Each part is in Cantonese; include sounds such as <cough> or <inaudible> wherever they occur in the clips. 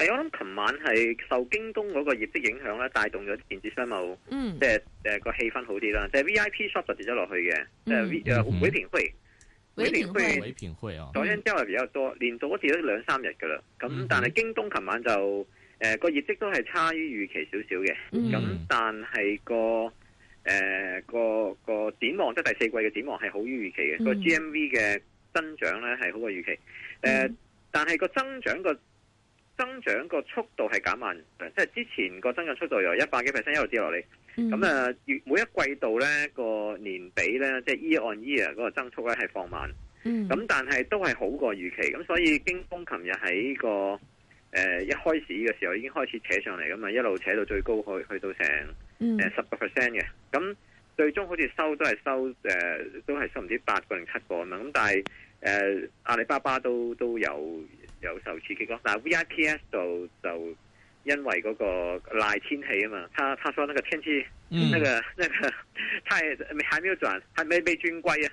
係我諗，琴晚係受京東嗰個業績影響咧，帶動咗電子商務、嗯呃，即係誒個氣氛好啲啦。即係 V I P shop 就跌咗落去嘅，即係唯品會，唯品會，抖音交係比較多，嗯、連續跌咗兩三日噶啦。咁但係京東琴晚就誒、呃嗯個業績都係差於預期少少嘅。咁但係個誒個個展望即係第四季嘅展望係好於預期嘅，個 G M V 嘅增長咧係好過預期。誒、嗯呃，但係個增長個。增長個速度係減慢，即係之前個增長速度由一百幾 percent 一路跌落嚟，咁啊，月每一季度咧個年比咧，即、就、係、是、year on year 嗰個增速咧係放慢，咁、mm. 但係都係好過預期，咁所以京東琴日喺個誒、呃、一開始嘅個時候已經開始扯上嚟咁嘛，一路扯到最高去去到成誒十個 percent 嘅，咁、mm. 最終好似收都係收誒、呃，都係收唔知八個定七個啊嘛，咁但係。誒、啊、阿里巴巴都都有有受刺激咯，嗱 VIPS 就就因為那個賴天氣啊嘛，他他說那個天氣、嗯、那個那個，太還沒有轉還沒被尊貴啊。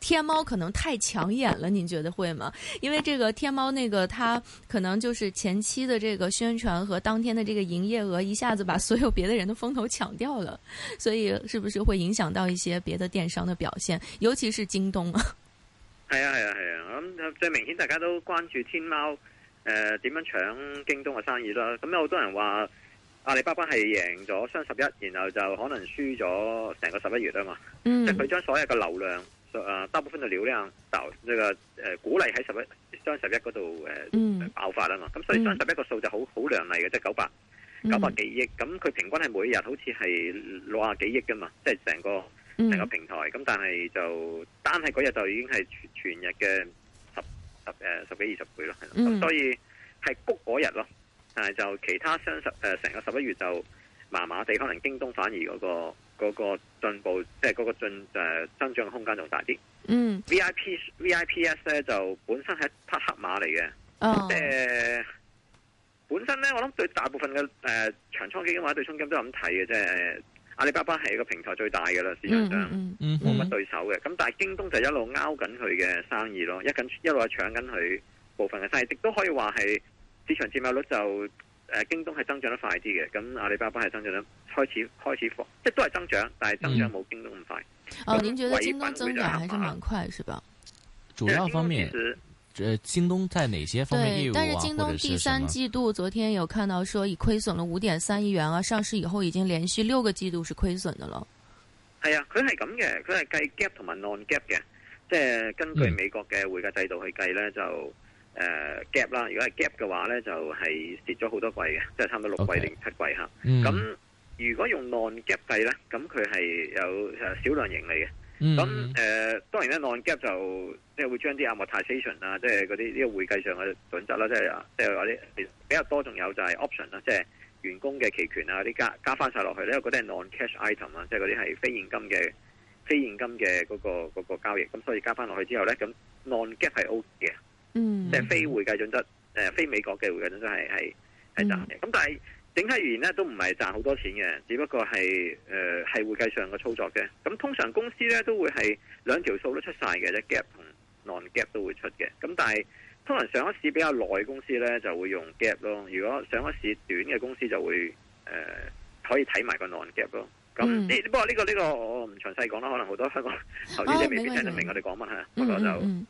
天貓可能太搶眼了，您覺得會嗎？因為這個天貓那個，它可能就是前期的這個宣傳和當天的這個營業額一下子把所有別的人的風頭搶掉了，所以是不是會影響到一些別的電商的表現，尤其是京東啊？係啊係啊係啊，咁最明顯大家都關注天貓，呃點樣搶京東嘅生意啦？咁有好多人話阿里巴巴係贏咗雙十一，然後就可能輸咗成個十一月啊嘛，即係佢將所有嘅流量。誒，大部、啊、分嘅流量就呢個誒鼓勵喺十一雙十一嗰度誒爆發啊嘛，咁所以雙十一個數就好好亮麗嘅，即係九百九百幾億，咁、就、佢、是嗯、平均係每日好似係六廿幾億噶嘛，即係成個成個平台，咁但係就但係嗰日就已經係全，全日嘅十十誒十幾二十倍咯，係咯，嗯、所以係谷嗰日咯，但係就其他雙十誒成個十一月就麻麻地，可能京東反而嗰、那個。嗰個進步，即係嗰個進誒、呃、增長嘅空間仲大啲。嗯、mm.，V I P V I P S 咧就本身係一匹黑馬嚟嘅。哦、oh. 呃，即係本身咧，我諗對大部分嘅誒、呃、長倉基金或者對沖基金都咁睇嘅，即係阿里巴巴係一個平台最大嘅啦，市場上冇乜、mm hmm. mm hmm. 對手嘅。咁但係京東就一路拗緊佢嘅生意咯，一緊一路係搶緊佢部分嘅生意，亦都可以話係市場佔有率就。誒，京東係增長得快啲嘅，咁阿里巴巴係增長得開始開始放，即都係增長，但係增長冇京東咁快。嗯、哦，您覺得京東增長還是蠻快，是吧？主要方面，誒、呃，京東在哪些方面業務啊？或者是什麼？第三季度昨天有看到，說已虧損了五點三億元啊！上市以後已經連續六個季度是虧損的咯。係啊，佢係咁嘅，佢係計 gap 同埋 non gap 嘅，即係根據美國嘅會計制度去計呢、嗯、就。誒、呃、gap 啦，如果係 gap 嘅話咧，就係蝕咗好多季嘅，即係差唔多六季定 Okay. 七季。嚇。咁如果用 non gap 計咧，咁佢係有少量盈利嘅。咁誒、嗯呃、當然咧，non gap 就即係會將啲 amortisation 啊，即係嗰啲呢個會計上嘅準則啦，即係啊，即係啲比較多，仲有就係 option 啦，即係員工嘅期權啊，啲加加翻曬落去咧，嗰啲係 non cash item 啊，即係嗰啲係非現金嘅非現金嘅嗰、嗰個嗰個交易。咁所以加翻落去之後咧，咁 non gap 係 OK 嘅。嗯，即係非會計準則，誒、呃，非美國嘅會計準則係係係賺嘅，咁、嗯、但係整體而言咧，都唔係賺好多錢嘅，只不過係誒係會計上嘅操作嘅，咁、嗯、通常公司咧都會係兩條數都出晒嘅，啫 gap 同 non gap 都會出嘅，咁、嗯、但係通常上一市比較耐公司咧就會用 gap 咯，如果上一市短嘅公司就會誒、呃、可以睇埋個 non gap 咯，咁、嗯那嗯、不過呢、這個呢、這個我唔詳細講啦，可能好多香港投資者未必聽得明，白明我哋講乜吓，咁、嗯、就。嗯嗯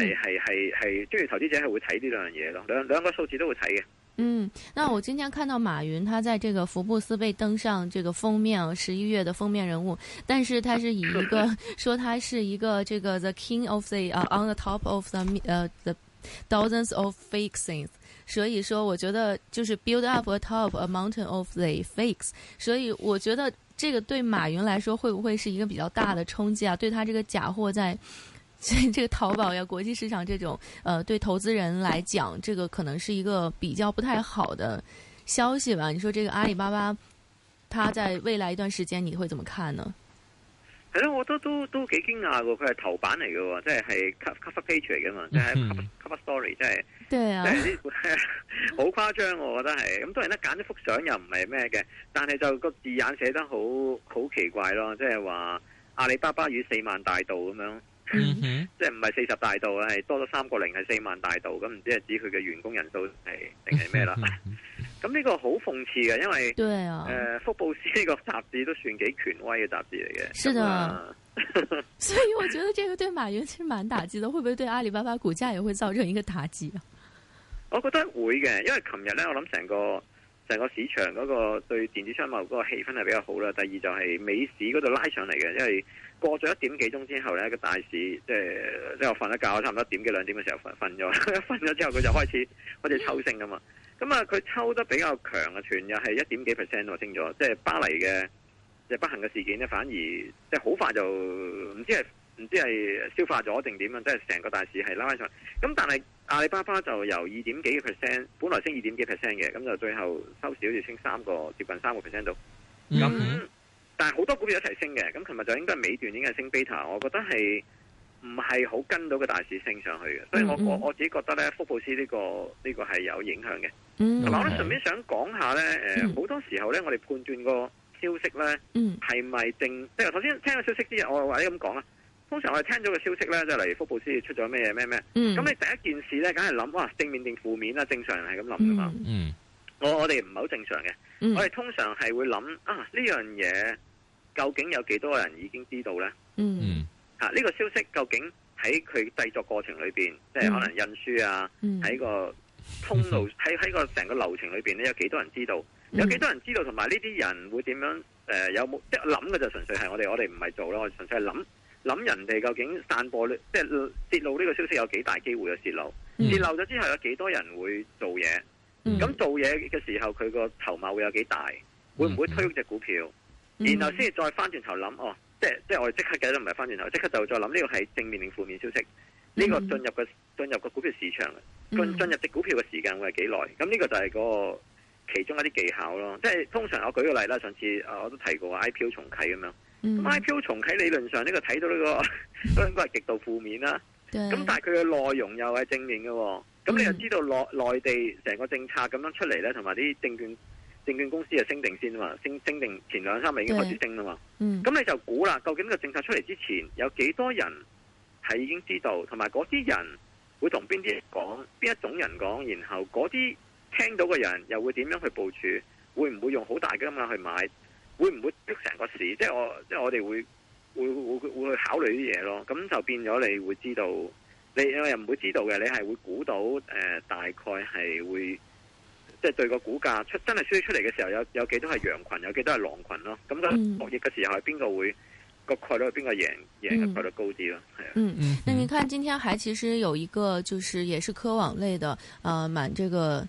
系系系系，中意、就是、投資者係會睇呢兩樣嘢咯，兩兩個數字都會睇嘅。嗯，那我今天看到馬雲他在這個福布斯被登上這個封面，十一月的封面人物，但是他是以一個 <laughs> 說他是一個這個 the king of the 啊、uh,，on the top of the 呃、uh, the thousands of fake things，所以說我覺得就是 build up a top a mountain of the fakes，所以我覺得這個對馬雲來說會不會是一個比較大的衝擊啊？對他這個假貨在。所以這個淘寶呀，國際市場這種，呃，對投資人來講，這個可能是一個比較不太好的消息吧？你說這個阿里巴巴，它在未來一段時間你會怎麼看呢？係咯，我都得都都幾驚訝嘅，佢係頭版嚟嘅，即係係 cover page 嚟嘅嘛，即係、嗯、cover story，、嗯、即係是對啊，好 <laughs> 誇張，我覺得係，咁當然咧揀咗幅相又唔係咩嘅，但係就個字眼寫得好好奇怪咯，即係話阿里巴巴與四萬大盜咁樣。Mm hmm. 即係唔係四十大盜啊，係多咗三個零係四萬大盜咁，唔知係指佢嘅員工人數係定係咩啦？咁呢 <laughs> 個好諷刺嘅，因為對啊，誒、呃《福布斯》呢個雜誌都算幾權威嘅雜誌嚟嘅。是的，嗯啊、所以我覺得呢個對馬雲係蠻打擊的， <laughs> 會唔會對阿里巴巴股價也會造成一個打擊啊？我覺得會嘅，因為琴日呢，我諗成個。成個市場嗰個對電子商貿嗰個氣氛係比較好啦。第二就係美市嗰度拉上嚟嘅，因為過咗一點幾鐘之後咧，個大市即係即係我瞓一覺，差唔多點幾兩點嘅時候瞓瞓咗，瞓咗之後佢就開始開始抽升噶嘛。咁啊，佢抽得比較強嘅全日係一點幾 percent 喎，啊、升咗。即係巴黎嘅即係不幸嘅事件咧，反而即係好快就唔知係。唔知係消化咗定點樣，即係成個大市係拉上，咁但係阿里巴巴就由二點幾 percent，本來升二點幾 percent 嘅，咁就最後收市好似升三個接近三個 percent 度。咁、mm hmm. 但係好多股票一齊升嘅，咁琴日就應該尾段應該係升 beta，我覺得係唔係好跟到個大市升上去嘅。所以我、mm hmm. 我，我自己覺得咧，福布斯呢、這個呢、這個係有影響嘅。咁、mm hmm. 我咧順便想講下咧，誒、呃，好、mm hmm. 多時候咧，我哋判斷個消息咧，係咪定即係頭先聽個消息啲前，我或者咁講啊。通常我哋聽咗個消息咧，即係例如福布斯出咗咩嘢咩咩，咁、嗯、你第一件事咧，梗係諗哇正面定負面啦。正常人係咁諗噶嘛。我我哋唔係好正常嘅，嗯、我哋通常係會諗啊呢樣嘢究竟有幾多人已經知道咧？嚇呢、嗯啊這個消息究竟喺佢製作過程裏邊，即係可能印書啊，喺、嗯、個通路，喺喺個成個流程裏邊咧，有幾多人知道？有幾多人知道？同埋呢啲人會點樣？誒、呃、有冇即係諗嘅就純粹係我哋我哋唔係做咯，我純粹係諗。諗人哋究竟散播咧，即係泄露呢個消息有幾大機會嘅泄露？泄、嗯、漏咗之後有幾多人會做嘢？咁、嗯、做嘢嘅時候佢個籌碼會有幾大？會唔會推嗰隻股票？嗯、然後先至再翻轉頭諗哦，即係即係我哋即刻計都唔係翻轉頭，即刻就再諗呢個係正面定負面消息？呢、嗯、個進入嘅進入個股票市場，進進入隻股票嘅時間會係幾耐？咁呢、嗯、個就係個其中一啲技巧咯。即係通常我舉個例啦，上次我都提過 IPO 重啟咁樣。IPO 重喺理論上呢，個睇到呢、呢個都應該係極度負面啦。咁、嗯、但係佢嘅內容又係正面嘅。咁你又知道內地成個政策咁樣出嚟呢，同埋啲證券證券公司就升定先啊嘛，升定前兩三日已經開始升啦嘛。咁、嗯、你就估啦，究竟個政策出嚟之前有幾多人係已經知道，同埋嗰啲人會同邊啲人講，邊一種人講，然後嗰啲聽到嘅人又會點樣去部署？會唔會用好大嘅金額去買？會唔會逼成個市？即係我，即係我哋會會會會去考慮啲嘢咯。咁就變咗，你會知道，你又唔會知道嘅。你係會估到，誒、呃，大概係會即係對個股價出真係需要出嚟嘅時候，有有幾多係羊群，有幾多係狼群咯。咁就博弈嘅時候係邊個會個概率，邊個贏贏嘅概率高啲咯。係啊。嗯嗯，那你看今天還其實有一個，就是也是科網類的，啊、呃，蠻這個。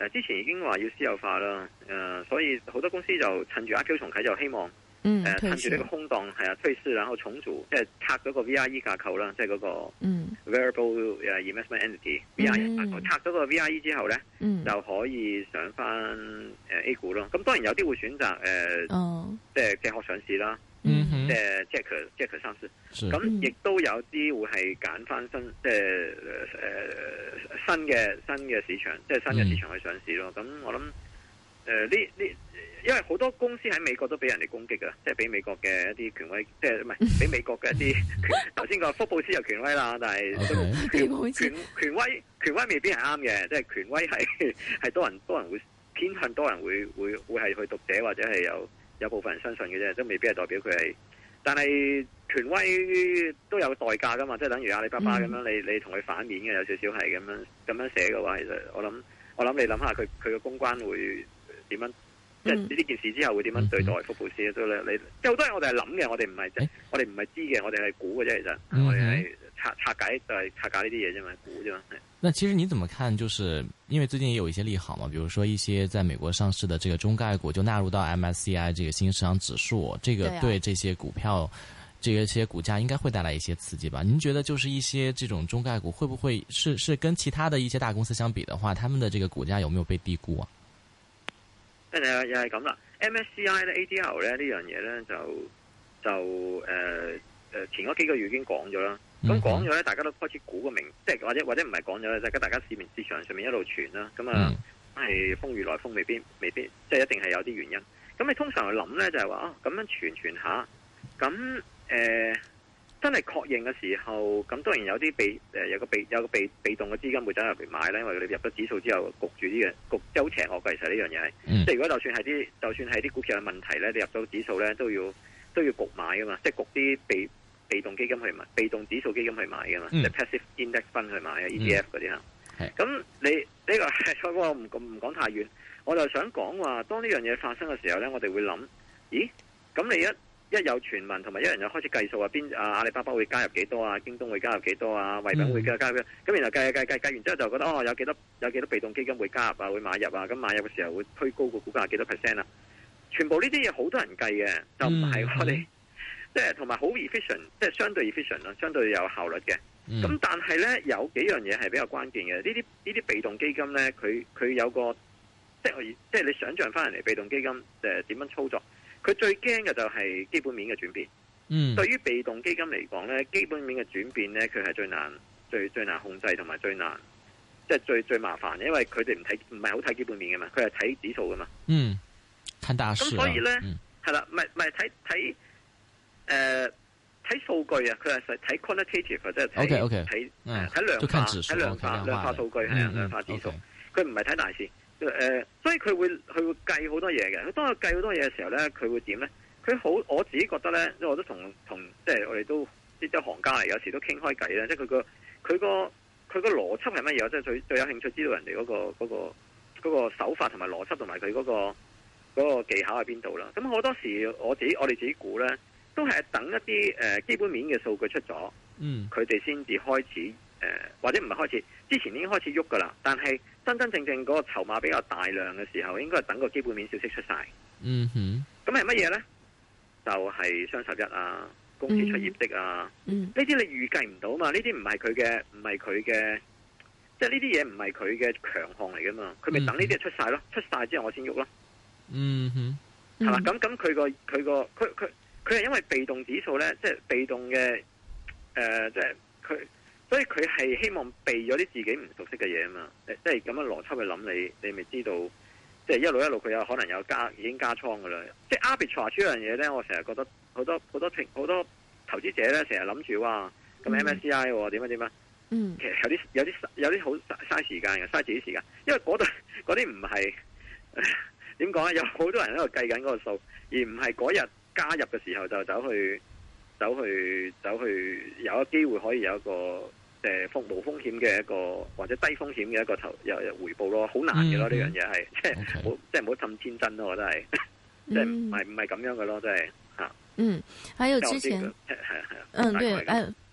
誒之前已經話要私有化啦，誒、呃，所以好多公司就趁住 A 股重啟就希望，誒、嗯呃、趁住呢個空檔係啊退市，然後重組，即係拆咗個 VIE 架構啦，即係嗰個 variable、嗯 uh, investment entity，拆咗、嗯、個 VIE 之後咧，嗯、就可以上翻誒 A 股咯。咁、嗯嗯、當然有啲會選擇誒，呃哦、即係借殼上市啦。嗯，即係即、mm hmm. Jack，Jack 上市，咁亦是都有啲會係揀翻新，即係誒新嘅新嘅市場，即係新嘅市場去上市咯。咁、mm hmm. 我諗誒呢呢，因為好多公司喺美國都俾人哋攻擊噶，即係俾美國嘅一啲權威，即係唔係俾美國嘅一啲。頭先講福布斯有權威啦，但係權權威權威未必係啱嘅，即係權威係係多人多人會偏向，多人會多人會會係去讀者，或者係有。有部分人相信嘅啫，都未必係代表佢係，但係權威都有代價噶嘛，即係等於阿里巴巴咁樣，嗯、你你同佢反面嘅有少少係咁樣咁樣寫嘅話，其實我諗我諗你諗下佢佢嘅公關會點樣。即係呢件事之後會點樣對待福布斯咧？你即係好多嘢我哋係諗嘅，我哋唔係即係我哋唔係知嘅，我哋係估嘅啫，其實、哎、我哋係拆拆解就係拆解呢啲嘢啫，咪估啫嘛。那其實你怎麼看？就是因為最近也有一些利好嘛，比如說一些在美國上市嘅這個中概股就納入到 MSCI 這個新市場指數，這個對這些股票，這些股價應該會帶來一些刺激吧？您覺得就是一些這種中概股會不會是是跟其他的一些大公司相比的話，他們的這個股價有沒有被低估啊？跟住又係咁啦，MSCI 咧、ADR 咧呢樣嘢咧就就誒誒、呃、前嗰幾個月已經講咗啦，咁講咗咧大家都開始估個名，即係或者或者唔係講咗咧，即係大家市面市場上面一路傳啦，咁啊係、mm hmm. 風雨來風未必未必，即係一定係有啲原因。咁你通常去諗咧就係、是、話哦，咁樣傳傳下，咁誒。呃真係確認嘅時候，咁當然有啲被有個被有個被有個被動嘅資金會走入嚟買咧，因為你入咗指數之後，焗住呢樣焗周邪惡嘅其實呢樣嘢，即係、嗯、如果就算係啲就算係啲股票嘅問題咧，你入咗指數咧都要都要焗買噶嘛，即係焗啲被被動基金去買，被動指數基金去買噶嘛，即係、嗯、passive index fund 去買啊，ETF 嗰啲啦。係，咁你呢、呢個喺我唔唔講太遠，我就想講話，當呢樣嘢發生嘅時候咧，我哋會諗，咦，咁你一。一有傳聞同埋，有一人又開始計數啊！邊啊阿里巴巴會加入幾多啊？京東會加入幾多啊？唯品會加入幾多？咁，嗯、然後計計計，計完之後，就覺得哦，有幾多有幾多被動基金會加入啊？會買入啊？咁買入嘅時候會推高個股價幾多 percent 啊。全部呢啲嘢好多人計嘅，就唔係我哋即係同埋、嗯、好、嗯、efficient，即係相對 efficient 啊，相對有效率嘅。咁、嗯、但係咧有幾樣嘢係比較關鍵嘅。呢啲呢啲被動基金咧，佢佢有個即係即係你想象翻嚟被動基金誒點樣操作？佢最驚嘅就係基本面嘅轉變。嗯，對於被動基金嚟講咧，基本面嘅轉變咧，佢係最難、最最難控制，同埋最難，即、就、係、是、最最麻煩。因為佢哋唔睇，唔係好睇基本面嘅嘛，佢係睇指數噶嘛。嗯，睇大事。咁所以咧，係啦、嗯，唔係唔係睇睇，誒，睇數、呃、據啊！佢係實睇 quantitative，即係睇。O K O K，睇，睇、嗯、量化，睇量化，okay, 量化數據係啊，嗯、量化指數。佢唔係睇大市。誒、呃，所以佢會佢會計好多嘢嘅。他當佢計好多嘢嘅時候咧，佢會點咧？佢好，我自己覺得咧，因為我都同同，即係我哋都即係行家嚟，有時都傾開偈啦。即係佢個佢個佢個邏輯係乜嘢？即係最最有興趣知道人哋嗰、個嗰、個嗰個、手法同埋邏輯同埋佢嗰個技巧喺邊度啦。咁好多時我自己我哋自己估咧，都係等一啲誒、呃、基本面嘅數據出咗，嗯，佢哋先至開始誒、呃，或者唔係開始，之前已經開始喐噶啦，但係。真真正正嗰個籌碼比較大量嘅時候，應該係等個基本面消息出晒。嗯哼，咁係乜嘢咧？就係雙十一啊，公司出業績啊，呢啲你預計唔到嘛？呢啲唔係佢嘅，唔係佢嘅，即係呢啲嘢唔係佢嘅強項嚟噶嘛？佢咪等呢啲出晒咯，出晒之後我先喐咯。嗯哼，係啦，咁咁佢個佢個佢佢佢係因為被動指數咧，即係被動嘅，誒，即係佢。所以佢係希望避咗啲自己唔熟悉嘅嘢啊嘛，即係咁樣邏輯去諗你，你咪知道，即、就、係、是、一路一路佢有可能有加已經加倉噶啦。即係 r Bich 話出呢樣嘢咧，我成日覺得好多好多平好多投資者咧成日諗住哇咁 MSCI 點點啊點啊，嗯、哦，其實有啲有啲有啲好嘥時間嘅嘥自己時間，因為嗰度嗰啲唔係點講啊，有好多人喺度計緊嗰個數，而唔係嗰日加入嘅時候就走去走去走去有一機會可以有一個。誒、風、呃、無風險嘅一個或者低風險嘅一個投入回報咯，好難嘅咯呢、嗯、樣嘢係，即係冇即係唔好咁天真咯，我都係即係唔係唔係咁樣嘅咯，即係吓。嗯，還有之前，係啊係啊，之前哈哈嗯、對，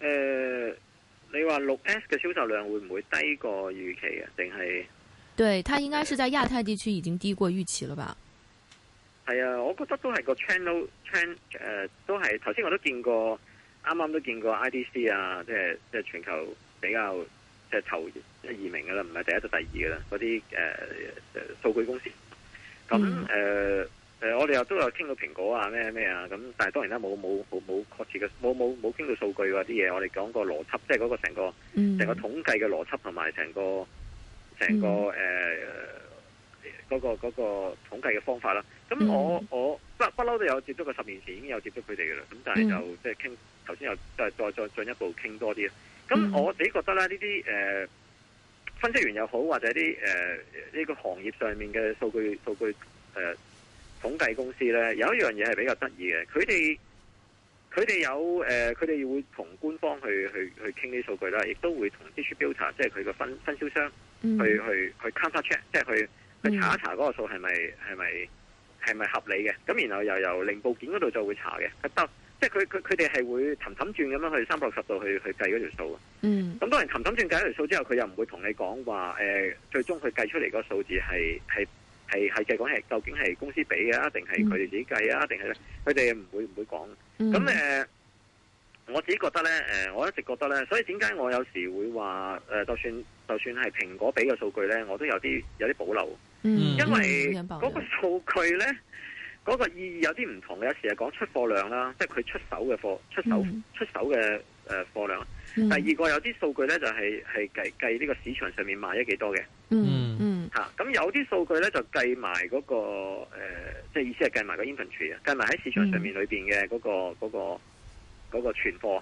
誒，你話六 S 嘅銷售量會唔會低過預期啊？定係？對，它應該是在亞太地區已經低過預期了吧？係啊、嗯，我覺得都係個 channel，channel 誒 ch、呃，都係頭先我都見過，啱啱都見過 IDC 啊，即係即係全球比較即係頭即係二名噶啦，唔係第一就第二噶啦，嗰啲誒數據公司，咁誒。呃嗯誒、呃，我哋又都有傾到蘋果啊，咩咩啊，咁，但係當然啦，冇冇冇冇確切嘅，冇冇冇傾到數據㗎啲嘢，我哋講個邏輯，即係嗰個成個成個統計嘅邏輯同埋成個成個誒嗰、呃那個嗰、嗰個統計嘅方法啦。咁我我不不嬲都有接觸過，十年前已經有接觸佢哋嘅啦。咁但係就、嗯、即係傾頭先又再再再進一步傾多啲。咁我自己覺得咧，呢啲誒分析員又好，或者啲誒呢個行業上面嘅數據數據誒。呃統計公司咧有一樣嘢係比較得意嘅，佢哋佢哋有誒，佢哋會同官方去去去傾啲數據啦，亦都會同 distributor 即係佢個分分銷商去去去 counter check，即係去去查一查嗰個數係咪係咪係咪合理嘅。咁然後又由零部件嗰度就會查嘅，佢得即係佢佢佢哋係會氹氹轉咁樣去三百六十度去去計嗰條數啊。嗯，咁當然氹氹轉計一條數之後，佢又唔會同你講話誒，最終佢計出嚟個數字係係。係係計，講係究竟係公司俾嘅，定係佢哋自己計啊？定係咧？佢哋唔會唔會講？咁誒，我自己覺得咧，誒，我一直覺得咧，所以點解我有時會話誒，就算就算係蘋果俾嘅數據咧，我都有啲有啲保留，嗯、因為嗰個數據咧，嗰、嗰個意義有啲唔同嘅。有時係講出貨量啦，即係佢出手嘅貨、出手、嗯、出手嘅誒貨量。第二個有啲數據咧、就係，就係係計計呢個市場上面賣咗幾多嘅。嗯嗯。嗯。嚇，咁、啊、有啲數據咧就計埋嗰個即係、呃、意思係計埋個 inventory 啊，計埋喺市場上面裏邊嘅嗰個嗰存貨。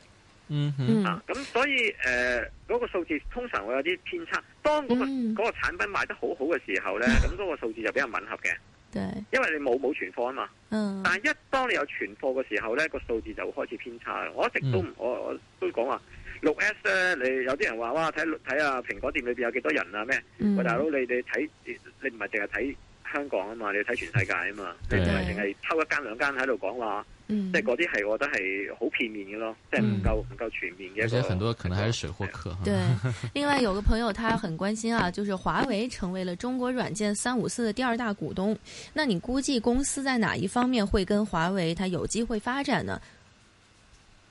嗯哼、mm，嚇、hmm. 啊，咁所以誒嗰、呃嗰個數字通常會有啲偏差。當嗰、嗰個嗰、mm hmm. 產品賣得好好嘅時候咧，咁、那、嗰個數字就比較吻合嘅。對、mm，hmm. 因為你冇冇存貨啊嘛。嗯、mm。Hmm. 但係一當你有存貨嘅時候咧，嗰個數字就會開始偏差。我一直都唔、mm hmm. 我我都講話。六 S 咧，你有啲人話哇，睇睇啊，蘋果店裏邊有幾多人啊？咩、嗯？喂大佬，你你睇，你唔係淨係睇香港啊嘛，你要睇全世界啊嘛，對你唔係淨係抽一間兩間喺度講話，嗯、即係嗰啲係，我覺得係好片面嘅咯，嗯、即係唔夠唔夠全面嘅。而且很多可能還是水貨客。對，另外有個朋友，他很關心啊，就是華為成為了中國軟件三五四的第二大股東，那你估計公司在哪一方面會跟華為，它有機會發展呢？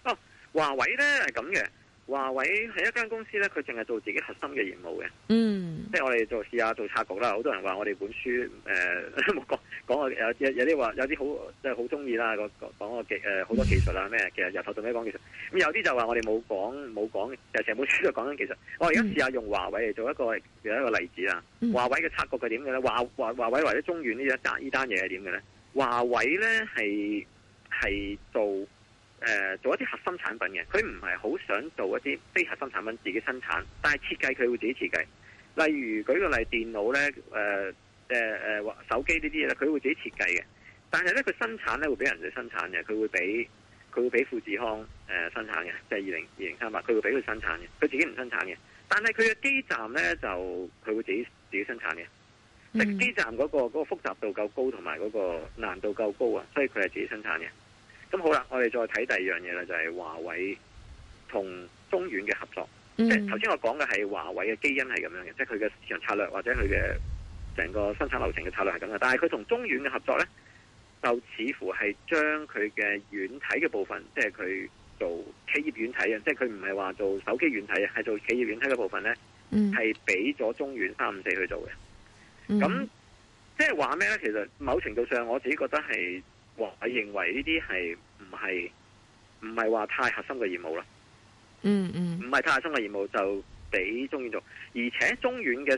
哦，華為咧係咁嘅。華為係一間公司咧，佢淨係做自己核心嘅業務嘅。嗯、mm.，即係我哋做試下做策局啦。好多人話我哋本書誒冇講講有有啲話有啲好即係好中意啦。講講個誒好多技術啦咩？其實由頭到尾講技術。咁有啲就話我哋冇講冇講，就成本書都講緊技術。我而家試下用華為嚟做一個做一個例子啦。華為嘅策局係點嘅咧？華華華為或者中遠呢一單呢單嘢係點嘅咧？華為咧係係做。誒做一啲核心產品嘅，佢唔係好想做一啲非核心產品自己生產，但係設計佢會自己設計。例如舉個例，電腦咧誒誒誒手機呢啲嘢佢會自己設計嘅。但係呢，佢生產呢會俾人哋生產嘅，佢會俾佢會俾富士康誒、呃、生產嘅，即係二零二零三八，佢會俾佢生產嘅，佢自己唔生產嘅。但係佢嘅基站呢，就佢會自己自己生產嘅，即係基站嗰個嗰個複雜度夠高同埋嗰個難度夠高啊，所以佢係自己生產嘅。咁好啦，我哋再睇第二樣嘢啦，就係、是、華為同中軟嘅合作。嗯、即係頭先我講嘅係華為嘅基因係咁樣嘅，即係佢嘅市場策略或者佢嘅成個生產流程嘅策略係咁嘅。但係佢同中軟嘅合作咧，就似乎係將佢嘅軟體嘅部分，即係佢做企業軟體啊，即係佢唔係話做手機軟體啊，係做企業軟體嘅部分咧，係俾咗中軟三五四去做嘅。咁、嗯、即係話咩咧？其實某程度上，我自己覺得係華為認為呢啲係。唔係唔係話太核心嘅業務啦、嗯，嗯嗯，唔係太核心嘅業務就俾中院做，而且中院嘅，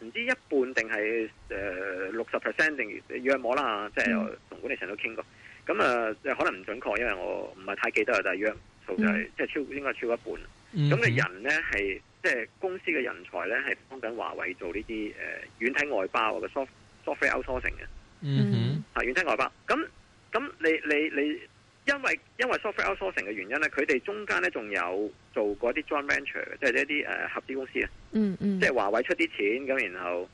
唔知一半定係誒六十 percent 定約摸啦，嗯、即係同管理層都傾過，咁啊、呃、可能唔準確，因為我唔係太記得，但係約數、嗯、就係即係超應該超一半，咁嘅、嗯、人咧係即係公司嘅人才咧係幫緊華為做呢啲誒軟體外包嘅 soft software outsourcing 嘅，嗯啊軟體外包，咁咁你你你。你你因為因為 software outsourcing 嘅原因咧，佢哋中間咧仲有做過一啲 joint venture，即係一啲誒、呃、合資公司啊、嗯。嗯嗯。即係華為出啲錢咁，然後誒誒、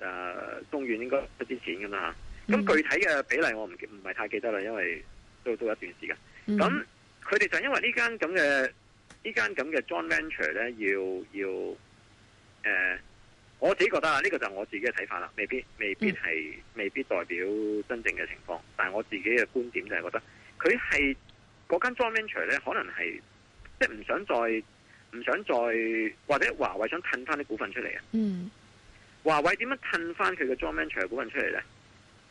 呃呃、中遠應該出啲錢噶嘛嚇。咁具體嘅比例我唔唔係太記得啦，因為都都一段時間。咁佢哋就因為呢間咁嘅呢間咁嘅 joint venture 咧，要要誒。呃我自己覺得啊，呢個就係我自己嘅睇法啦，未必未必係未必代表真正嘅情況，但係我自己嘅觀點就係覺得，佢係嗰間莊 manager 咧，可能係即係唔想再唔想再或者華為想褪翻啲股份出嚟啊。嗯，華為點樣褪翻佢嘅莊 manager 股份出嚟咧？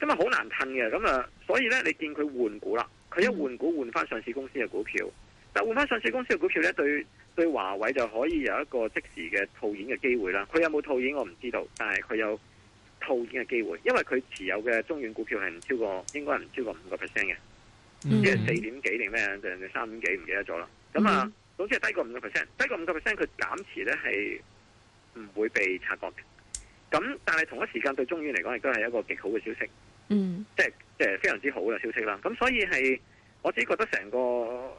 咁啊好難褪嘅，咁啊，所以咧你見佢換股啦，佢一換股換翻上市公司嘅股票，但換翻上市公司嘅股票咧對。對華為就可以有一個即時嘅套現嘅機會啦。佢有冇套現我唔知道，但係佢有套現嘅機會，因為佢持有嘅中遠股票係唔超過，應該係唔超過五個 percent 嘅，嗯、即係四點幾定咩，定定三點幾唔記得咗啦。咁啊，總之係低過五個 percent，低過五個 percent，佢減持咧係唔會被察覺嘅。咁但係同一時間對中遠嚟講，亦都係一個極好嘅消息，嗯，即係即係非常之好嘅消息啦。咁所以係，我自己覺得成個。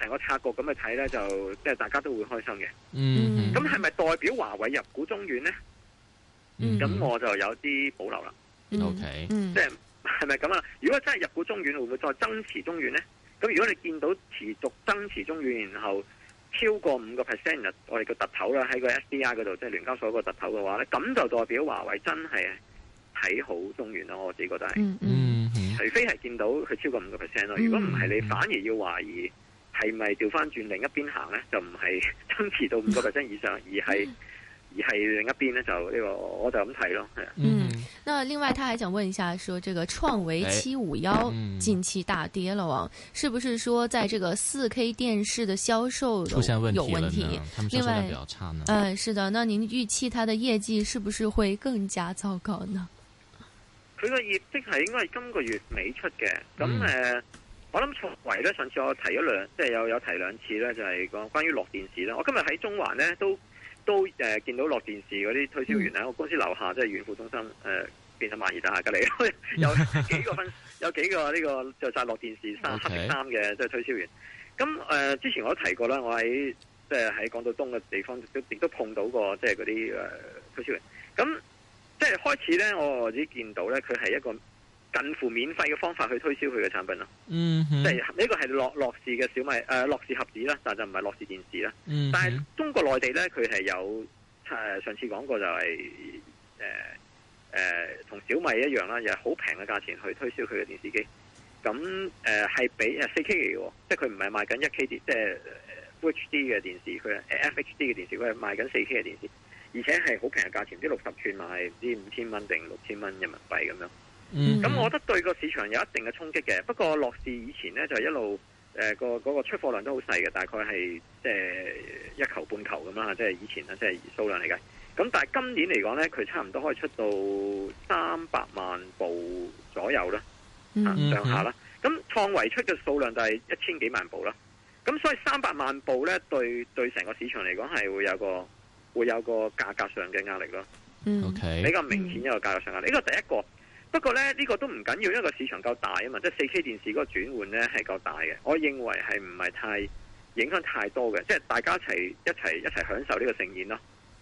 成個拆局咁去睇咧，就即係大家都會開心嘅。嗯、mm，咁係咪代表華為入股中遠咧？嗯、mm，咁、hmm. 我就有啲保留啦。O K，即係係咪咁啊？如果真係入股中遠，會唔會再增持中遠咧？咁如果你見到持續增持中遠，然後超過五個 percent 入我哋個特頭咧，喺個 S D I 嗰度，即、就、係、是、聯交所個特頭嘅話咧，咁就代表華為真係睇好中遠咯。我自己覺得係，嗯、mm，hmm. 除非係見到佢超過五個 percent 咯。如果唔係，你反而要懷疑、mm。Hmm. 係咪調翻轉另一邊行呢？就唔係增持到五個 percent 以上，而係而係另一邊呢，就呢個我就咁睇咯。嗯，那另外他還想問一下說，說這個創維七五幺近期大跌了啊，欸嗯、是不是說在這個四 K 電視的銷售有出現問題了？他們比較差呢，另外，嗯、欸，是的，那您預期他的業績是不是會更加糟糕呢？佢個業績係應該係今個月尾出嘅，咁誒。嗯我諗作為咧，上次我提咗兩，即係有有提兩次咧，就係、是、講關於落電視咧。我今日喺中環咧，都都誒、呃、見到落電視嗰啲推銷員喺、嗯、我公司樓下，即係遠富中心誒、呃、變咗萬怡大廈隔籬， <laughs> 有幾個分，有幾個呢、這個就晒落電視三黑色衫嘅即係推銷員。咁誒、呃，之前我都提過啦，我喺即係喺港島東嘅地方都亦都碰到過，即係嗰啲誒推銷員。咁即係開始咧，我自己見到咧，佢係一個。近乎免費嘅方法去推銷佢嘅產品咯，嗯、哼即係呢個係樂樂視嘅小米誒、呃、樂視盒子啦，但就唔係樂視電視啦。嗯、哼但係中國內地咧，佢係有誒、呃、上次講過就係誒誒同小米一樣啦，又係好平嘅價錢去推銷佢嘅電視機。咁誒係比啊四 K 嘅，即係佢唔係賣緊一 K 即係 HD 嘅電視，佢係 FHD 嘅電視，佢係賣緊四 K 嘅電視，而且係好平嘅價錢，啲六十寸賣啲五千蚊定六千蚊人民幣咁樣。咁、mm hmm. 我覺得對個市場有一定嘅衝擊嘅。不過樂視以前呢，就是、一路、呃那個嗰、那個出貨量都好細嘅，大概係誒、就是、一球半球咁啦。即、就、係、是、以前即係、就是、數量嚟嘅。咁但係今年嚟講呢，佢差唔多可以出到三百萬部左右啦，mm hmm. 上下啦。咁創維出嘅數量就係一千幾萬部啦。咁所以三百萬部呢，對對成個市場嚟講係會有個會有個價格上嘅壓力咯。Mm hmm. 比較明顯有一個價格上壓力呢個第一個。不過咧，呢、這個都唔緊要，因為個市場夠大啊嘛，即係四 K 電視嗰個轉換咧係夠大嘅，我認為係唔係太影響太多嘅，即係大家係一齊一齊享受呢個盛宴咯。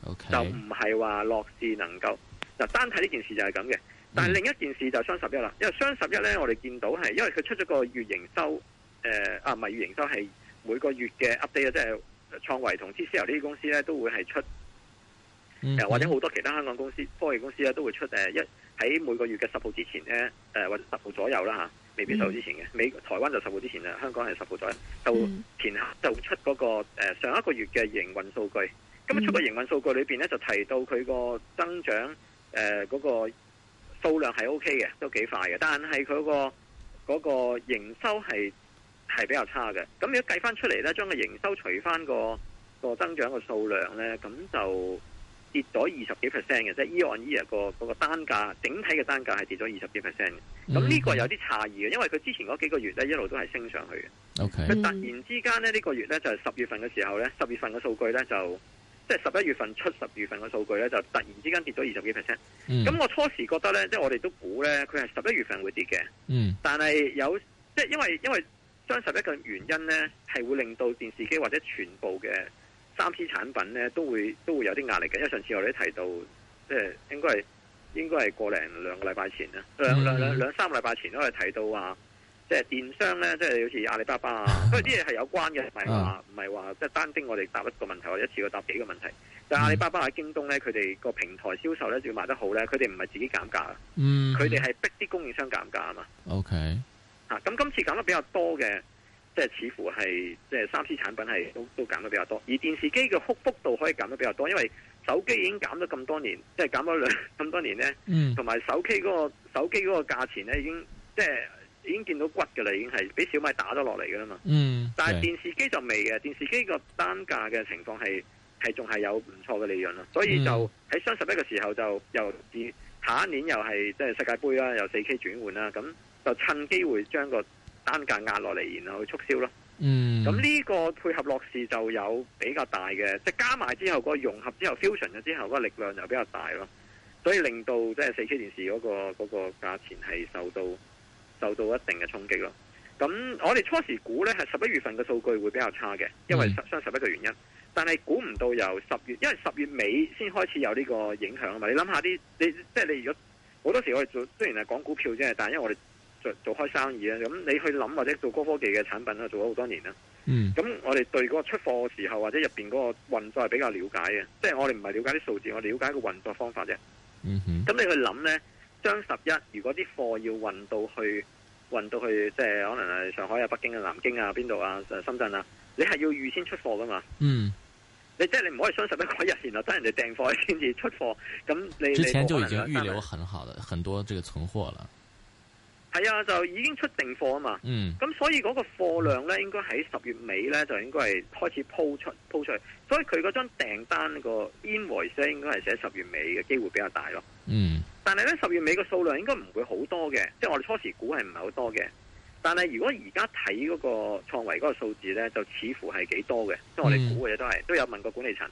Okay. 就唔係話樂視能夠嗱，單睇呢件事就係咁嘅，但係另一件事就係雙十一啦。因為雙十一咧，我哋見到係因為佢出咗個月營收誒、呃、啊，唔係月營收係每個月嘅 update，即係創維同 TCL 呢啲公司咧都會係出。又、嗯、或者好多其他香港公司、科技公司咧，都會出誒一喺每個月嘅十號之前咧，誒或者十號左右啦嚇，未必十號之前嘅。嗯、美台灣就十號之前啦，香港係十號左右，就填，嗯、就出嗰，那個、呃、上一個月嘅營運數據。咁出個營運數據裏邊咧，就提到佢個增長誒嗰，呃那個數量係 OK 嘅，都幾快嘅。但係佢個嗰個營收係係比較差嘅。咁如果計翻出嚟咧，將個營收除翻，那個個增長嘅數量咧，咁就跌咗二十幾 percent 嘅，即係 year on year 個嗰、那個單價，整體嘅單價係跌咗二十幾 percent 嘅。咁呢個有啲詫異嘅，因為佢之前嗰幾個月咧一路都係升上去嘅。佢 Okay. 突然之間咧呢、這個月咧就係、是、十月份嘅時候咧，十月份嘅數據咧就即係十一月份出十月份嘅數據咧就突然之間跌咗二十幾 percent。咁、嗯、我初時覺得咧，即、就、係、是、我哋都估咧，佢係十一月份會跌嘅。嗯。但係有即係因為因為雙十一嘅原因咧，係會令到電視機或者全部嘅。三支產品咧都會都會有啲壓力嘅，因為上次我哋提到，即係應該係應該係過零兩個禮拜前啦，兩兩兩三個禮拜前我都係提到話，即係電商咧，即係好似阿里巴巴啊， <laughs> 所以啲嘢係有關嘅，唔係話唔係話即係單丁我哋答一個問題，或者一次過答幾個問題。Mm. 但係阿里巴巴喺京東咧，佢哋個平台銷售咧就要賣得好咧，佢哋唔係自己減價，嗯，佢哋係逼啲供應商減價 Okay. 啊嘛。OK，嚇咁今次減得比較多嘅。即係似乎係，即係三 C 產品係都都減得比較多。而電視機嘅幅幅度可以減得比較多，因為手機已經減咗咁多年，即係減咗兩咁多年咧。嗯，同埋手機嗰個手機嗰個價錢咧，已經即係已經見到骨嘅啦，已經係俾小米打咗落嚟嘅啦嘛。嗯，但係電視機就未嘅，電視機個單價嘅情況係係仲係有唔錯嘅利潤咯。所以就喺雙十一嘅時候就又、嗯、下一年又係即係世界盃啦，又四 K 轉換啦，咁就趁機會將個單價壓落嚟，然後去促銷咯。嗯，咁呢個配合樂視就有比較大嘅，即、即係、加埋之後，個融合之後 fusion 咗之後，個力量就比較大咯。所以令到即係四 K 電視嗰、嗰個嗰、嗰個價錢係受到受到一定嘅衝擊咯。咁我哋初時估呢係十一月份嘅數據會比較差嘅，因為雙十一嘅原因。但係估唔到由十月，因為十月尾先開始有呢個影響啊嘛。你諗下啲，你即係你如果好多時我哋做，雖然係講股票啫，但係因為我哋。做，做開生意啊！咁你去諗或者做高科技嘅產品咧，做咗好多年啦。嗯，咁我哋對嗰個出貨嘅時候或者入邊嗰個運作係比較了解嘅，即係我哋唔係了解啲數字，我哋了解個運作方法啫。嗯哼，咁你去諗呢，雙十一如果啲貨要運到去，運到去即係可能係上海啊、北京啊、南京啊、邊度啊、深圳啊，你係要預先出貨噶嘛？嗯，你即係你唔可以雙十一嗰日，然後等人哋訂貨先至出貨。咁你之前就已經預留很好嘅很多這個存貨了。係啊，就已經出訂貨啊嘛。嗯，咁所以嗰個貨量咧，應該喺十月尾咧，就應該係開始鋪出鋪出去，所以佢嗰張訂單個 invoice 應該係寫十月尾嘅機會比較大咯。嗯，但係咧十月尾個數量應該唔會好多嘅，即係我哋初時估係唔係好多嘅。但係如果而家睇嗰個創維嗰個數字咧，就似乎係幾多嘅。即係我哋估嘅嘢都係、嗯、都有問過管理層。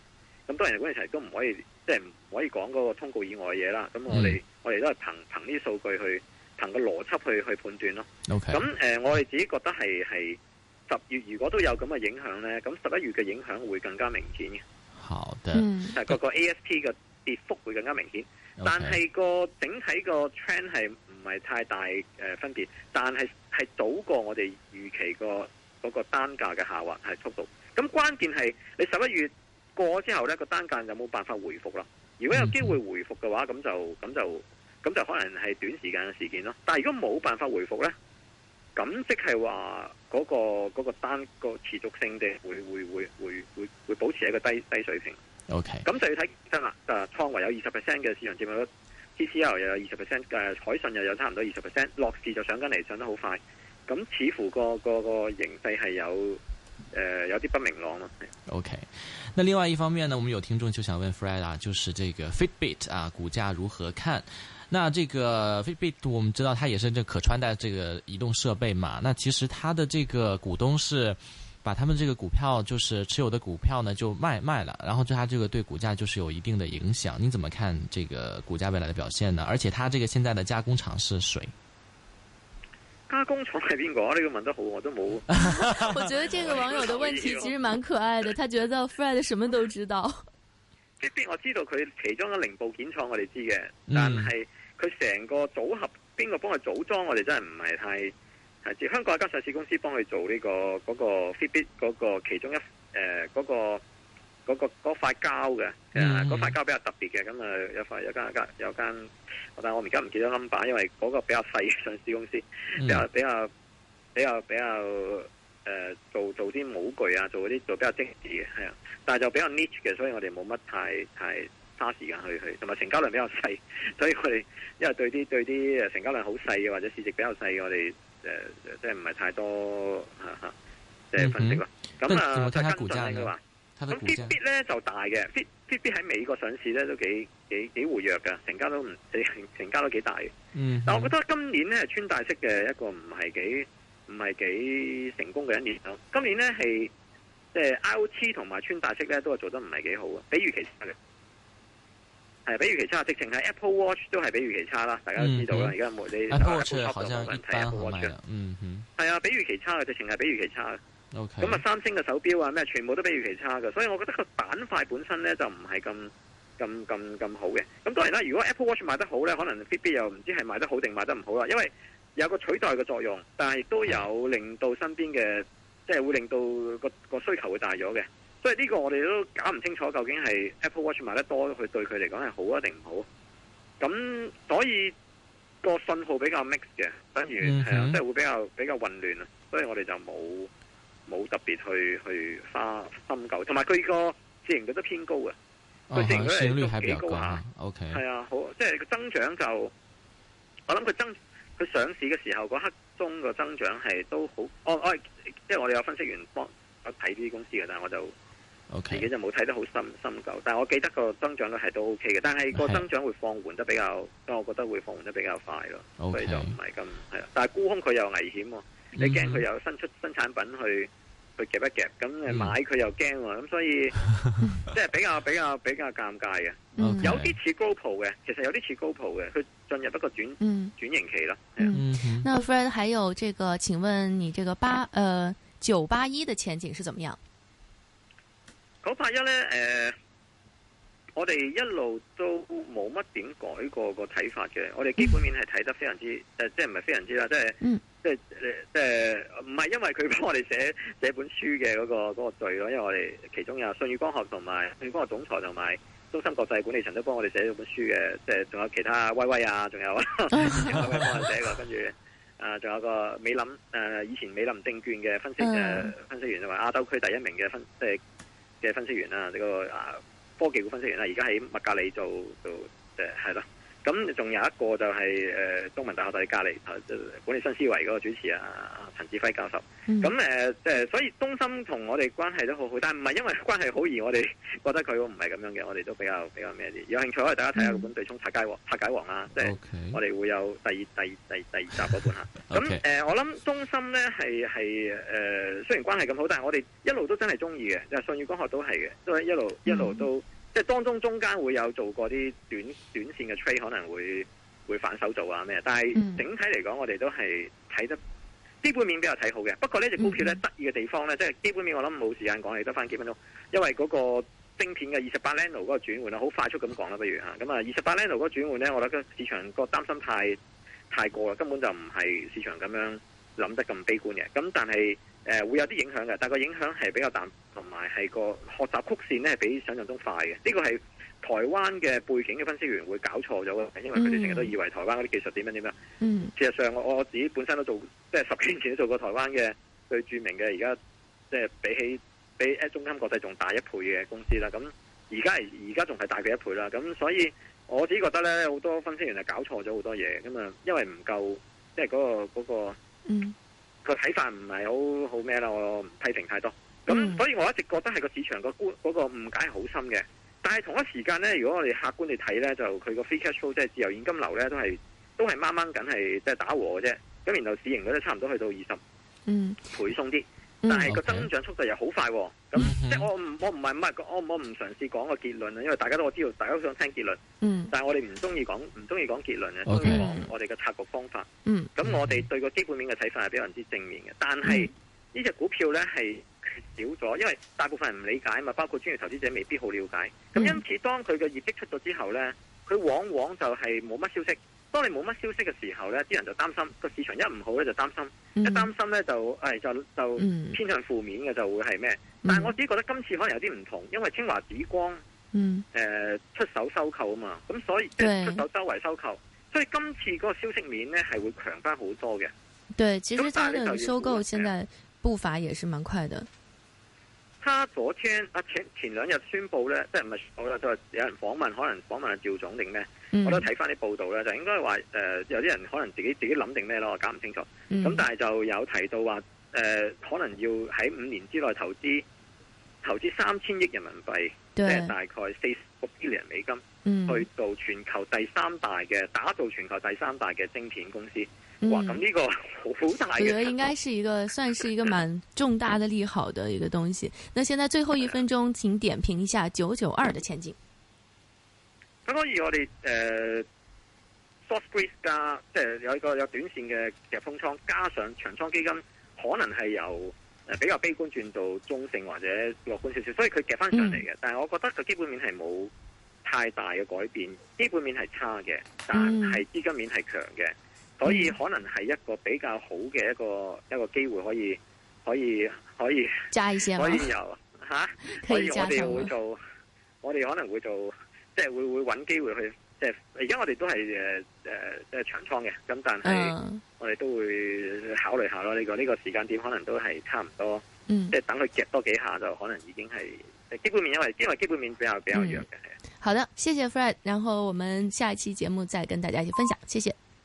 咁當然，管理層都唔可以即係唔可以講嗰個通告以外嘅嘢啦。咁我哋、嗯、我哋都係憑憑啲數據去。憑個邏輯去去判斷咯。咁 Okay.、呃、我哋自己覺得係係十月如果都有咁嘅影響咧，咁十一月嘅影響會更加明顯嘅。好嘅，誒、嗯，個 A S P 嘅跌幅會更加明顯，Okay. 但係個整體個 trend 係唔係太大、呃、分別？但係係早過我哋預期個嗰個單價嘅下滑係速度。咁關鍵係你十一月過咗之後咧，個單價有冇辦法回復啦？如果有機會回復嘅話，咁就咁就。咁就可能係短時間嘅事件咯。但係如果冇辦法回復咧，咁即係話嗰個嗰、那個單、那個持續性嘅會會會會會會保持一個低低水平。O K. 咁就要睇真啦。誒，創維有二十 percent 嘅市場佔有率，T C L 又有二十 percent，誒，海信又有差唔多二十 percent。樂視就上緊嚟，上得好快。咁似乎個個,個形勢係有誒、呃、有啲不明朗咯。O、okay. K. 那另外一方面呢，我們有聽眾就想問 Fred，、啊、就是這個 Fitbit 啊，股價如何看？那這個 Fitbit 我們知道它也是這可穿戴這個移動設備嘛？那其實它的這個股東是把他們這個股票就是持有的股票呢就賣賣了，然後就它這個對股價就是有一定的影響。你怎麼看這個股價未來的表現呢？而且它這個現在的加工廠是誰？加工廠係邊個？我呢個問得好，我都冇。我覺得這個網友的問題其實蠻可愛的，他覺得 Fred 什麼都知道。Fitbit 我知道佢其中的零部件廠我哋知嘅，但係。佢成個組合，邊個幫佢組裝？我哋真係唔係太係接香港一間上市公司幫佢做呢、這個嗰、那個 Fitbit 嗰個其中一誒嗰、呃那個嗰、那個嗰塊膠嘅，嗰塊膠比較特別嘅。咁、嗯、啊，有塊有間有間，但我而家唔記得 number，因為嗰個比較細嘅上市公司，嗯、比較比較比較比較誒做做啲模具啊，做嗰啲做，做，做比較精緻嘅，係啊，但係就比較 niche 嘅，所以我哋冇乜太太。太花時間去去，同埋成交量比較細，所以我哋因為對啲對啲誒成交量好細嘅或者市值比較細嘅，我哋誒即係唔係太多誒、呃、分析啦。咁啊，我睇下股價啦。咁 Fitbit 咧就大嘅，Fitbit 喺美國上市咧都幾幾幾活躍嘅，成交都唔成 <laughs> 成交都幾大嘅。嗯哼。但我覺得今年咧係穿戴式嘅一個唔係幾唔係幾成功嘅一年咯。今年咧係即係 IoT 同埋穿戴式咧都係做得唔係幾好啊。比預期差嘅。係，比預期差，直情係 Apple Watch 都係比預期差啦，大家都知道啦。而家冇你 App Apple Watch 冇問題，Apple Watch 嗯哼，係啊，比預期差嘅，直情係比預期差嘅。咁 Okay 啊，三星嘅手錶啊，咩全部都比預期差嘅，所以我覺得個板塊本身咧就唔係咁咁咁咁好嘅。咁當然啦，如果 Apple Watch 賣得好咧，可能 BB 又唔知係賣得好定賣得唔好啦，因為有個取代嘅作用，但係亦都有令到身邊嘅、嗯、即係會令到個個需求會大咗嘅。即係呢個我哋都搞唔清楚，究竟係 Apple Watch 買得多，佢對佢嚟講係好啊定唔好、啊？咁所以個信號比較 mixed 嘅，等於係啊，即係會比較比較混亂啊。所以我哋就冇冇特別去去花深究。同埋佢個市盈率都偏高嘅，佢市盈率都幾高啊。哦、高 OK，係啊，好，即係個增長就我諗佢增佢上市嘅時候嗰刻鐘個增長係都好、哦。我我即係我哋有分析員幫我睇呢啲公司嘅，但係我就。Okay. 自己就冇睇得好深深究，但係我記得個增長率係都 O K 嘅，但係個增長會放緩得比較，的但我覺得會放緩得比較快咯，Okay. 所以就唔係咁係啊。但係沽空佢又危險喎、哦，你驚佢有新出新產品去去夾一夾，咁你買佢又驚喎，咁、嗯、所以即係、就是、比較 <laughs> 比較比較尷尬嘅。Okay. 有啲似 GoPro 嘅，其實有啲似 GoPro 嘅，佢進入一個轉轉、嗯、型期咯。嗯，那 Fred，還有這個，請問你這個八，呃，九八一的前景是怎麼樣？九八一咧，誒、呃，我哋一路都冇乜點改過個睇法嘅。我哋基本面係睇得非常之，誒、就是，即係唔係非常之啦，即、就、係、是，即、就、係、是，即係唔係因為佢幫我哋寫，寫寫本書嘅嗰、那個罪、那個咯。因為我哋其中有信譽光學同埋信譽光學總裁同埋中芯國際管理層都幫我哋寫咗本書嘅。即係仲有其他威威啊，仲有，寫過跟住，啊、呃，仲有個美林，誒、呃，以前美林證券嘅分析誒、呃、分析員就話亞洲區第一名嘅分，即、呃、係。嘅分析員啦，呢個啊科技股分析員啦，而家喺麥格理做做誒，係咯。咁仲有一個就係、是、誒、呃、中文大學喺隔離管理新思維嗰個主持啊，陳志輝教授。咁誒即係所以中心同我哋關係都好好，但係唔係因為關係好而我哋覺得佢唔係咁樣嘅，我哋都比較比較咩啲。有興趣可以大家睇下本對沖拆解王，嗯、拆解王啊，即係我哋會有第二第二第二第二集嗰本。咁誒我諗中心咧係係誒雖然關係咁好，但係我哋一路都真係中意嘅，就信譽科學都係嘅，都係一路一路都。嗯即係當中中間會有做過啲短短線嘅 trade，可能會會反手做啊咩？但係整體嚟講，我哋都係睇得基本面比較睇好嘅。不過隻呢隻股票咧得意嘅地方咧，即係基本面我想，我諗冇時間講，你得翻幾分鐘。因為嗰個晶片嘅二十八 level 嗰個轉換啊，好快速咁講啦。不如吓咁啊，二十八 level 嗰個轉換咧，我覺得個市場個擔心太太過啦，根本就唔係市場咁樣諗得咁悲觀嘅。咁但係。誒會有啲影響嘅，但係個影響係比較淡，同埋係個學習曲線咧係比想象中快嘅。呢個係台灣嘅背景嘅分析員會搞錯咗嘅，因為佢哋成日都以為台灣嗰啲技術點樣點樣。嗯，事實上我我自己本身都做，即係十年前都做過台灣嘅最著名嘅，而家即係比起比中芯國際仲大一倍嘅公司啦。咁而家而家仲係大佢一倍啦。咁所以我自己覺得咧，好多分析員係搞錯咗好多嘢咁啊，因為唔夠，即係嗰個嗰個。嗯。個睇法唔係好好咩啦，我唔批評太多。咁、mm. 所以我一直覺得係個市場個嗰誤解係好深嘅。但係同一時間咧，如果我哋客觀地睇咧，就佢個 free cash flow 即係自由現金流咧，都係都係掹掹緊係即係打和嘅啫。咁然後市盈率都差唔多去到二十，嗯、mm.，倍鬆啲。嗯、但係個增長速度又好快、哦，咁、嗯、即係我唔我唔係乜，我我唔嘗試講個結論，因為大家都我知道，大家都想聽結論，嗯、但係我哋唔中意講，唔中意講結論嘅，中意講我哋嘅策略方法。咁、嗯、我哋對個基本面嘅睇法係非常之正面嘅，但係呢隻股票咧係少咗，因為大部分人唔理解嘛，包括專業投資者未必好了解，咁因此當佢嘅業績出咗之後咧，佢往往就係冇乜消息。當你冇乜消息嘅時候呢，啲人就擔心個市場一唔好呢，就擔心，一擔心呢，就誒就就偏向負面嘅就會係咩？嗯、但係我自己覺得今次可能有啲唔同，因為清華紫光誒、呃、出手收購啊嘛，咁、嗯嗯、所以、呃、出手周圍收購，對所以今次嗰個消息面呢，係會強返好多嘅。對，其實它的收購現在步伐也是蠻快的。他昨天啊，前前兩日宣布咧，即係咪我有在有人訪問，可能訪問阿趙總定咩？嗯、我都睇翻啲報道咧，就應該係話、呃、有啲人可能自己自己諗定咩咯，我搞唔清楚。咁、嗯、但係就有提到話誒、呃，可能要喺五年之內投資投資三千億人民幣，誒對、呃、大概四十個 Billion 美金，嗯、去到全球第三大嘅打造全球第三大嘅晶片公司。嗯、哇！咁呢個好，好大的，我覺得應該是一個算是一個蠻重大的利好的一個東西。那現在最後一分鐘，請點評一下九九二的前景。咁所以我哋誒、呃、short squeeze 加即係有一個有短線嘅夾風倉，加上長倉基金，可能係由誒比較悲觀轉到中性或者樂觀少少，所以佢夾翻上嚟嘅。嗯、但係我覺得佢基本面係冇太大嘅改變，基本面係差嘅，但係資金面係強嘅。嗯所以可能係一個比較好嘅一個、嗯、一個機會可以，可以可以可以，可以加一些嗎？可以有吓？所以我哋會做，我哋可能會做，即係會會揾機會去。即係而家我哋都係誒誒，即、呃、係、呃、長倉嘅。咁但係我哋都會考慮下咯、這個。呢個呢個時間點可能都係差唔多，嗯、即係等佢夾多幾下就可能已經係基本面，因為因為基本面比較比較弱嘅、嗯。好的，謝謝 Fred。然後我們下一期節目再跟大家一起分享。謝謝。